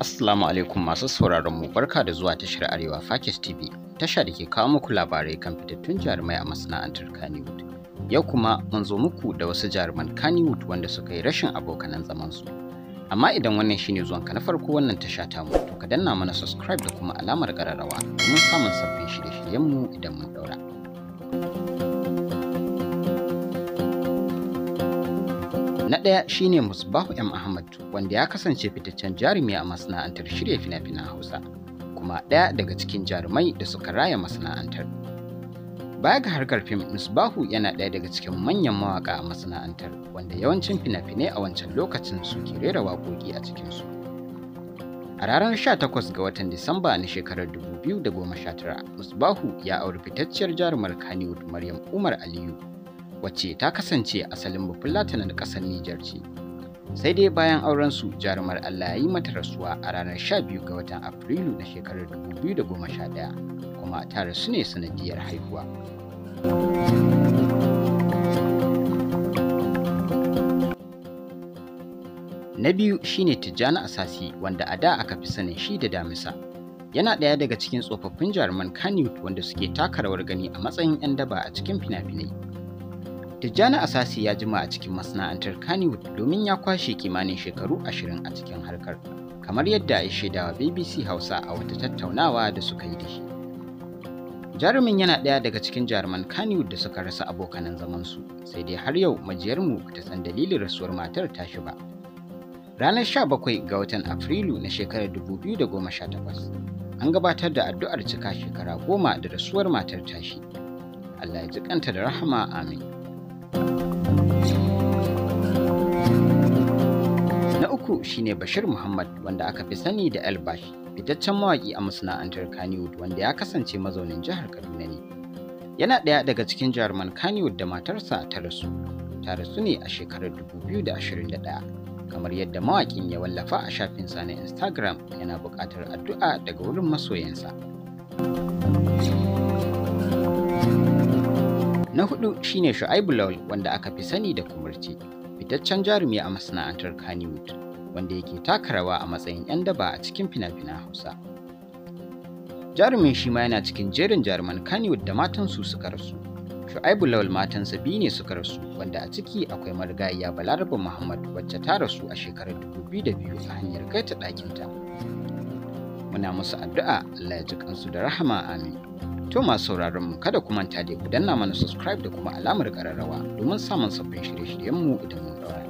Assalamu alaikum masu sauraron mu barka da zuwa tashar Arewa Fakis TV, tasha da ke kawo muku labarai kan fitattun jarumai a masana'antar Kannywood. Yau kuma mun zo muku da wasu jaruman Kannywood wanda suka yi rashin abokanan zaman su. Amma idan wannan shine zuwan ka na farko wannan tasha ta mu to ka danna mana subscribe da kuma alamar kararrawa domin samun sabbin shirye-shiryen mu idan mun daura. Na ɗaya shine Musbahu M. Ahmad wanda ya kasance fitaccen jarumi a masana'antar shirya fina-finan Hausa, kuma ɗaya daga cikin jarumai da suka raya masana'antar. Baya ga harkar fim, Musbahu yana ɗaya daga cikin manyan mawaƙa a masana'antar wanda yawancin fina-finai a wancan lokacin su ke rera waƙoƙi a cikin su A ranar 18 ga watan Disamba na shekarar 2019, Musbahu ya auri fitacciyar jarumar Kaniwood Maryam Umar Aliyu wacce ta kasance asalin Latinan ƙasar Nijar ce. Sai dai bayan auren su jarumar Allah ya yi mata rasuwa a ranar 12 ga watan Afrilu na shekarar 2011 kuma ta rasu ne sanadiyar haihuwa. Na biyu shine Tijjani Asasi wanda a da aka fi sanin shi da damisa. Yana ɗaya daga cikin tsofaffin jaruman Kannywood wanda suke taka rawar gani a matsayin 'yan daba a cikin fina-finai. Tijjani Asasi ya jima a cikin masana'antar Kannywood domin ya kwashe kimanin shekaru ashirin a cikin harkar, kamar yadda ya wa BBC Hausa a wata tattaunawa da suka yi da shi. Jarumin yana ɗaya daga cikin jaruman Kannywood da suka rasa abokanan zamansu, sai dai har yau majiyarmu ta san dalilin rasuwar matar tashi ba. Ranar sha bakwai ga watan Afrilu na shekarar dubu biyu da sha takwas, an gabatar da addu'ar cika shekara goma da rasuwar matar tashi. Allah ya ji kanta da rahama amin. Na uku shine Bashir Muhammad wanda aka fi sani da Elbash, fitaccen mawaƙi a masana'antar Kannywood wanda ya kasance mazaunin jihar Kaduna ne. Yana ɗaya daga cikin jaruman Kannywood da matarsa ta rasu, ta rasu ne a shekarar 2021. Kamar yadda mawaƙin ya wallafa a shafinsa na Instagram yana buƙatar addu'a daga wurin masoyansa. Na hudu shine Shu'aibu Lawal wanda aka fi sani da kumurci, fitaccen jarumi a masana'antar Kannywood, wanda yake taka rawa a matsayin 'yan daba a cikin fina-finan Hausa. Jarumin shi ma yana cikin jerin jaruman Kannywood da matansu suka rasu. Shu'aibu Lawal matansa biyu ne suka rasu wanda a ciki akwai marigayya Balaraba Muhammad wacce ta rasu a shekarar dubu biyu da biyu, a hanyar kai ta ɗakinta. Muna musu addu'a Allah ya ji kansu da rahama amin. To masu sauraron mu kada ku manta da ku danna mana subscribe da kuma alamar kararrawa domin samun sabbin shirye-shiryenmu idan mun dawo.